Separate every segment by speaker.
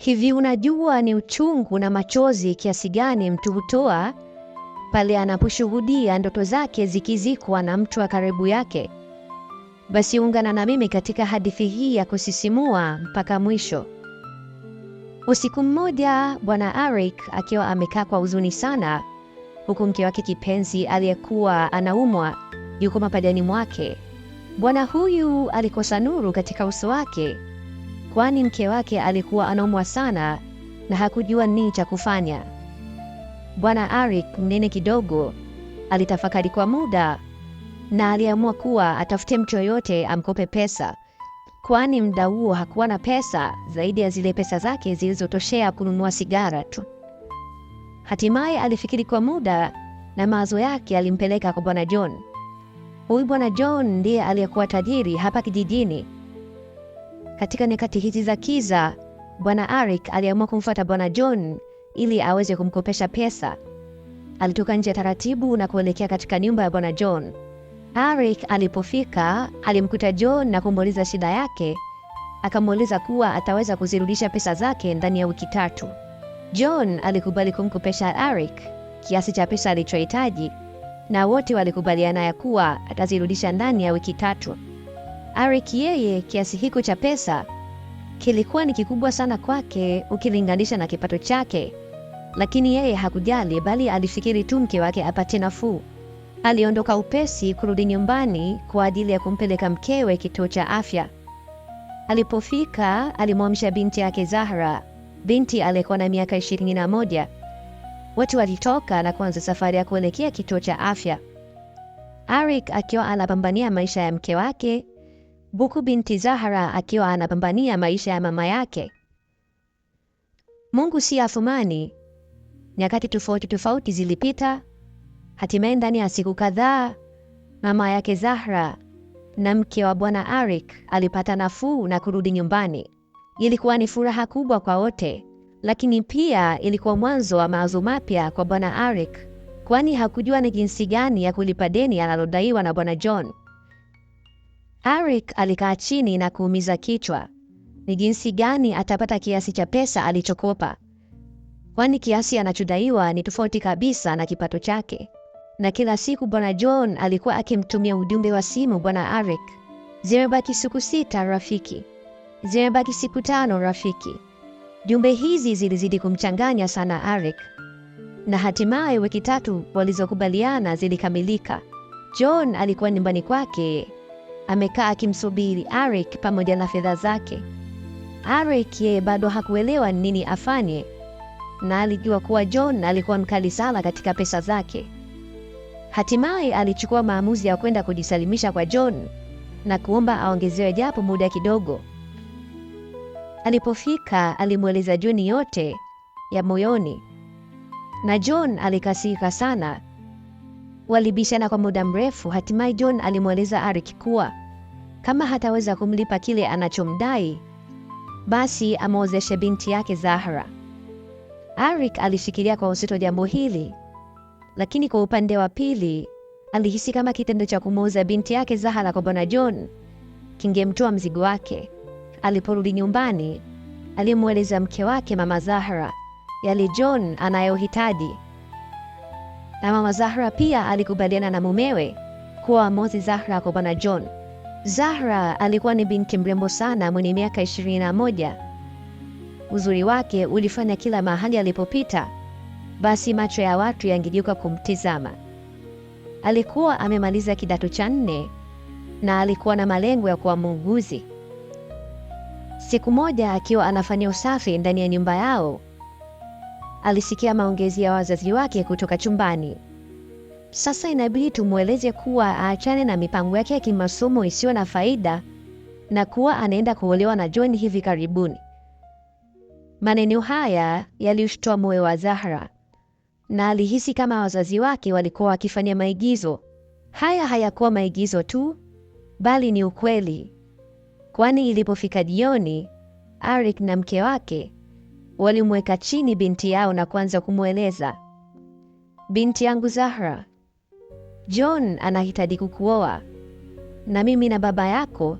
Speaker 1: Hivi unajua ni uchungu na machozi kiasi gani mtu hutoa pale anaposhuhudia ndoto zake zikizikwa na mtu wa karibu yake? Basi ungana na mimi katika hadithi hii ya kusisimua mpaka mwisho. Usiku mmoja, bwana Eric akiwa amekaa kwa huzuni sana, huku mke wake kipenzi aliyekuwa anaumwa yuko mapajani mwake. Bwana huyu alikosa nuru katika uso wake kwani mke wake alikuwa anaumwa sana na hakujua nini cha kufanya. Bwana Arik mnene kidogo alitafakari kwa muda na aliamua kuwa atafute mtu yoyote amkope pesa, kwani muda huo hakuwa na pesa zaidi ya zile pesa zake zilizotoshea kununua sigara tu. Hatimaye alifikiri kwa muda na mawazo yake alimpeleka kwa Bwana John. Huyu Bwana John ndiye aliyekuwa tajiri hapa kijijini. Katika nyakati hizi za kiza, Bwana Arik aliamua kumfuata Bwana John ili aweze kumkopesha pesa. Alitoka nje taratibu na kuelekea katika nyumba ya Bwana John. Arik alipofika, alimkuta John na kumuuliza shida yake. Akamuuliza kuwa ataweza kuzirudisha pesa zake ndani ya wiki tatu. John alikubali kumkopesha Arik kiasi cha pesa alichohitaji na wote walikubaliana ya kuwa atazirudisha ndani ya wiki tatu. Eric yeye kiasi hiko cha pesa kilikuwa ni kikubwa sana kwake ukilinganisha na kipato chake, lakini yeye hakujali, bali alifikiri tu mke wake apate nafuu. Aliondoka upesi kurudi nyumbani kwa ajili ya kumpeleka mkewe kituo cha afya. Alipofika alimwamsha binti yake Zahra, binti aliyekuwa na miaka ishirini na moja. Watu walitoka na kuanza safari ya kuelekea kituo cha afya, Arik akiwa anapambania maisha ya mke wake Buku binti Zahara akiwa anapambania maisha ya mama yake. Mungu si Athumani. Nyakati tofauti tofauti zilipita. Hatimaye ndani ya siku kadhaa mama yake Zahra na mke wa bwana Arik alipata nafuu na kurudi nyumbani. Ilikuwa ni furaha kubwa kwa wote, lakini pia ilikuwa mwanzo wa mawazo mapya kwa bwana Arik, kwani hakujua ni jinsi gani ya kulipa deni analodaiwa na bwana John. Eric alikaa chini na kuumiza kichwa ni jinsi gani atapata kiasi cha pesa alichokopa, kwani kiasi anachodaiwa ni tofauti kabisa na kipato chake. Na kila siku Bwana John alikuwa akimtumia ujumbe wa simu Bwana Eric, zimebaki siku sita rafiki, zimebaki siku tano rafiki. Jumbe hizi zilizidi kumchanganya sana Eric, na hatimaye wiki tatu walizokubaliana zilikamilika. John alikuwa nyumbani kwake amekaa akimsubiri Arik pamoja na fedha zake. Arik yeye bado hakuelewa nini afanye, na alijua kuwa John alikuwa mkali sana katika pesa zake. Hatimaye alichukua maamuzi ya kwenda kujisalimisha kwa John na kuomba aongezewe japo muda kidogo. Alipofika alimweleza John yote ya moyoni, na John alikasirika sana. Walibishana kwa muda mrefu. Hatimaye John alimweleza Arik kuwa kama hataweza kumlipa kile anachomdai, basi amwozeshe binti yake Zahra. Arik alishikilia kwa uzito jambo hili, lakini kwa upande wa pili alihisi kama kitendo cha kumwoza binti yake Zahara kwa Bwana John kingemtoa mzigo wake. Aliporudi nyumbani, alimweleza mke wake Mama Zahara yale John anayohitaji, na Mama Zahara pia alikubaliana na mumewe kuwa amwoze Zahara kwa Bwana John. Zahra alikuwa ni binti mrembo sana mwenye miaka 21 moja. Uzuri wake ulifanya kila mahali alipopita, basi macho ya watu yangejuka kumtizama. Alikuwa amemaliza kidato cha nne na alikuwa na malengo ya kuwa muuguzi. Siku moja akiwa anafanya usafi ndani ya nyumba yao, alisikia maongezi ya wazazi wake kutoka chumbani. Sasa inabidi tumweleze kuwa aachane na mipango yake ya kimasomo isiyo na faida na kuwa anaenda kuolewa na John hivi karibuni. Maneno haya yaliushtua moyo wa Zahra na alihisi kama wazazi wake walikuwa wakifanya maigizo. Haya hayakuwa maigizo tu, bali ni ukweli, kwani ilipofika jioni, Arik na mke wake walimweka chini binti yao na kuanza kumweleza, binti yangu Zahra, John anahitaji kukuoa na mimi na baba yako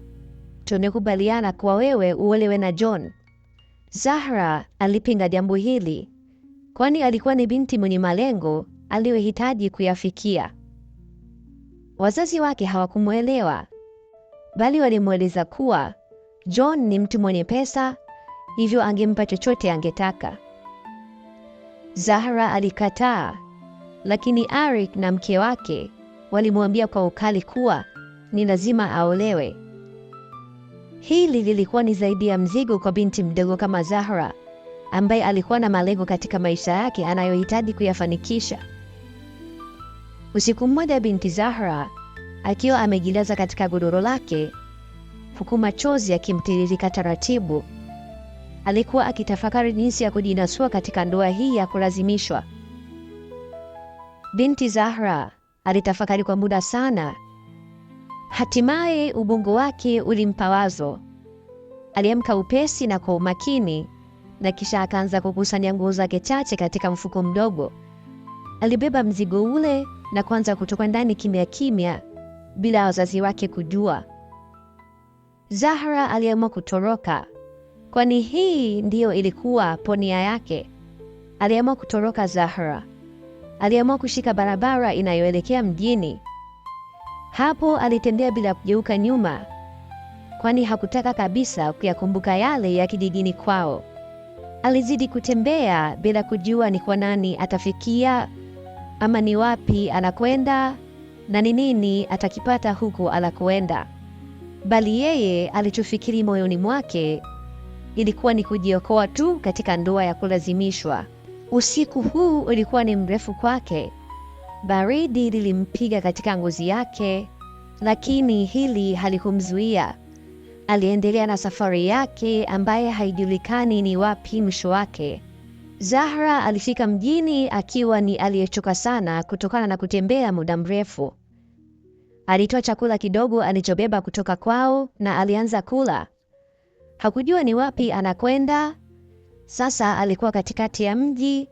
Speaker 1: tumekubaliana kuwa wewe uolewe na John. Zahra alipinga jambo hili, kwani alikuwa ni binti mwenye malengo aliyohitaji kuyafikia. Wazazi wake hawakumwelewa, bali walimweleza kuwa John ni mtu mwenye pesa, hivyo angempa chochote angetaka. Zahra alikataa, lakini Arik na mke wake walimwambia kwa ukali kuwa ni lazima aolewe. Hili lilikuwa ni zaidi ya mzigo kwa binti mdogo kama Zahra ambaye alikuwa na malengo katika maisha yake anayohitaji kuyafanikisha. Usiku mmoja, binti Zahra akiwa amejilaza katika godoro lake huku machozi yakimtiririka taratibu, alikuwa akitafakari jinsi ya kujinasua katika ndoa hii ya kulazimishwa. Binti Zahra alitafakari kwa muda sana. Hatimaye ubongo wake ulimpa wazo. Aliamka upesi na kwa umakini, na kisha akaanza kukusanya nguo zake chache katika mfuko mdogo. Alibeba mzigo ule na kuanza kutoka ndani kimya kimya, bila wazazi wake kujua. Zahra aliamua kutoroka, kwani hii ndiyo ilikuwa ponia yake. Aliamua kutoroka Zahra aliamua kushika barabara inayoelekea mjini. Hapo alitembea bila kugeuka nyuma, kwani hakutaka kabisa kuyakumbuka yale ya kijijini kwao. Alizidi kutembea bila kujua ni kwa nani atafikia ama ni wapi anakwenda na ni nini atakipata huko anakoenda, bali yeye alichofikiri moyoni mwake ilikuwa ni kujiokoa tu katika ndoa ya kulazimishwa. Usiku huu ulikuwa ni mrefu kwake. Baridi lilimpiga katika ngozi yake, lakini hili halikumzuia. Aliendelea na safari yake ambaye haijulikani ni wapi mwisho wake. Zahra alifika mjini akiwa ni aliyechoka sana kutokana na kutembea muda mrefu. Alitoa chakula kidogo alichobeba kutoka kwao na alianza kula. Hakujua ni wapi anakwenda sasa alikuwa katikati ya mji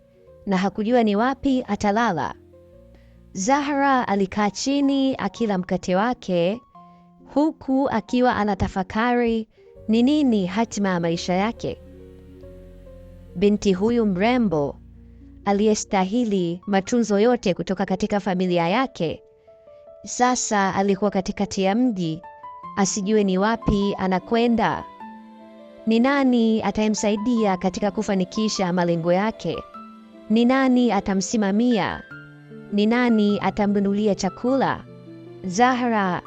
Speaker 1: na hakujua ni wapi atalala. Zahra alikaa chini akila mkate wake huku akiwa anatafakari ni nini hatima ya maisha yake. Binti huyu mrembo aliyestahili matunzo yote kutoka katika familia yake sasa alikuwa katikati ya mji, asijue ni wapi anakwenda. Ni nani atayemsaidia katika kufanikisha malengo yake? Ni nani atamsimamia? Ni nani atamnunulia chakula? Zahra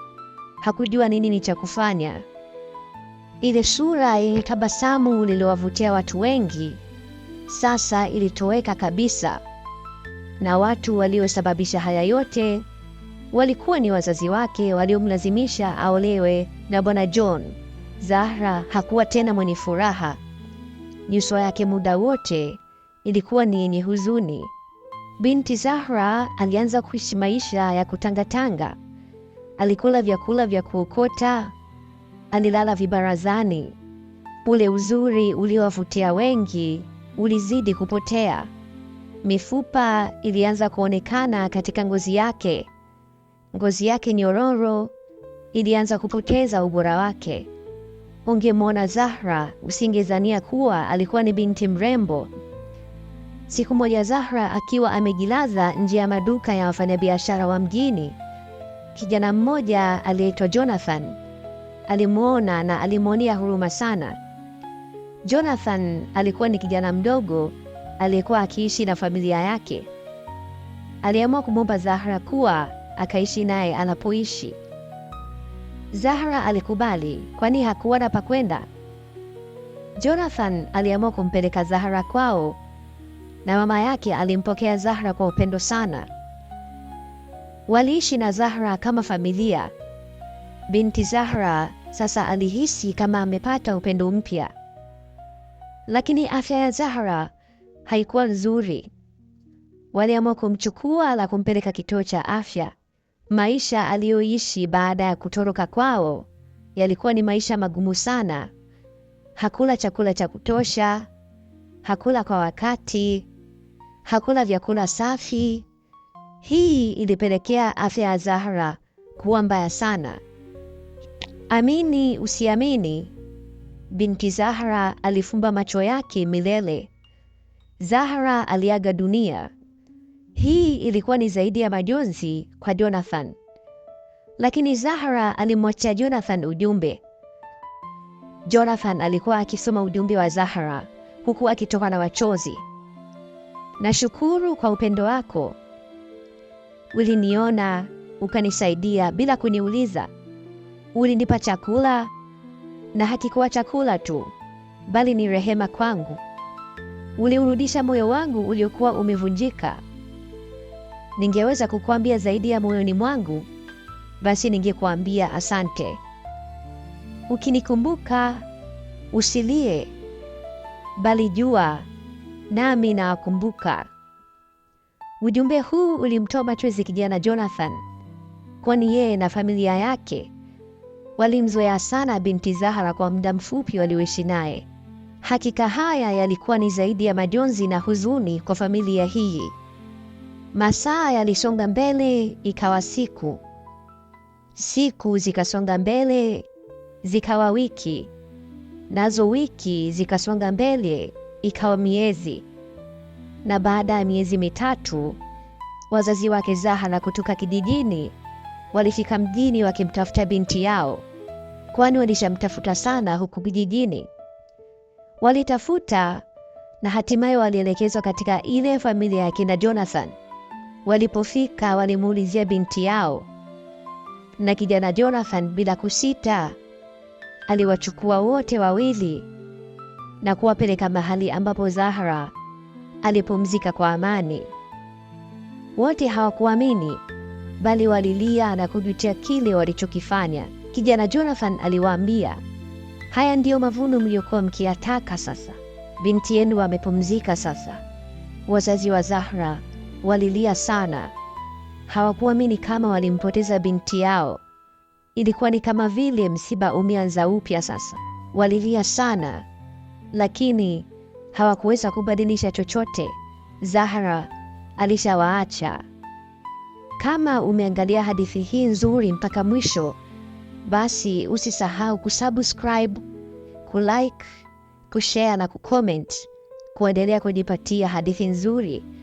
Speaker 1: hakujua nini ni cha kufanya. Ile sura yenye tabasamu lililowavutia watu wengi sasa ilitoweka kabisa, na watu waliosababisha haya yote walikuwa ni wazazi wake waliomlazimisha aolewe na Bwana John. Zahra hakuwa tena mwenye furaha. Nyuso yake muda wote ilikuwa ni yenye huzuni. Binti Zahra alianza kuishi maisha ya kutangatanga. Alikula vyakula vya kuokota, alilala vibarazani. Ule uzuri uliowavutia wengi ulizidi kupotea. Mifupa ilianza kuonekana katika ngozi yake. Ngozi yake nyororo ilianza kupoteza ubora wake. Ungemwona Zahra usingezania kuwa alikuwa ni binti mrembo. Siku moja Zahra akiwa amejilaza nje ya maduka ya wafanyabiashara wa mjini, kijana mmoja aliyeitwa Jonathan alimwona na alimwonea huruma sana. Jonathan alikuwa ni kijana mdogo aliyekuwa akiishi na familia yake. Aliamua kumwomba Zahra kuwa akaishi naye anapoishi. Zahra alikubali kwani hakuwa na pakwenda Jonathan aliamua kumpeleka Zahra kwao na mama yake alimpokea Zahra kwa upendo sana. Waliishi na Zahra kama familia. Binti Zahra sasa alihisi kama amepata upendo mpya. Lakini afya ya Zahra haikuwa nzuri. Waliamua kumchukua na kumpeleka kituo cha afya. Maisha aliyoishi baada ya kutoroka kwao yalikuwa ni maisha magumu sana. Hakula chakula cha kutosha, hakula kwa wakati, hakula vyakula safi. Hii ilipelekea afya ya Zahra kuwa mbaya sana. Amini usiamini, binti Zahra alifumba macho yake milele. Zahra aliaga dunia hii ilikuwa ni zaidi ya majonzi kwa Jonathan, lakini Zahara alimwachia Jonathan ujumbe. Jonathan alikuwa akisoma ujumbe wa Zahara huku akitoka na machozi. Nashukuru kwa upendo wako, uliniona ukanisaidia bila kuniuliza, ulinipa chakula na hakikuwa chakula tu, bali ni rehema kwangu. Uliurudisha moyo wangu uliokuwa umevunjika ningeweza kukuambia zaidi ya moyoni mwangu, basi ningekuambia asante. Ukinikumbuka usilie, bali jua nami nawakumbuka. Ujumbe huu ulimtoa machozi kijana Jonathan, kwani yeye na familia yake walimzoea sana binti Zahara kwa muda mfupi walioishi naye. Hakika haya yalikuwa ni zaidi ya majonzi na huzuni kwa familia hii. Masaa yalisonga mbele, ikawa siku. Siku zikasonga mbele, zikawa wiki, nazo wiki zikasonga mbele, ikawa miezi. Na baada ya miezi mitatu, wazazi wake zaha na kutoka kijijini walifika mjini wakimtafuta binti yao, kwani walishamtafuta sana huku kijijini. Walitafuta na hatimaye walielekezwa katika ile familia ya kina Jonathan. Walipofika walimuulizia binti yao, na kijana Jonathan bila kusita aliwachukua wote wawili na kuwapeleka mahali ambapo Zahra alipumzika kwa amani. Wote hawakuamini bali walilia na kujutia kile walichokifanya. Kijana Jonathan aliwaambia, haya ndiyo mavuno mliokuwa mkiyataka. Sasa binti yenu amepumzika, sasa wazazi wa Zahra walilia sana, hawakuamini kama walimpoteza binti yao. Ilikuwa ni kama vile msiba umeanza upya sasa. Walilia sana, lakini hawakuweza kubadilisha chochote. Zahara alishawaacha. Kama umeangalia hadithi hii nzuri mpaka mwisho, basi usisahau kusubscribe, kulike, kushare na kucomment kuendelea kujipatia hadithi nzuri.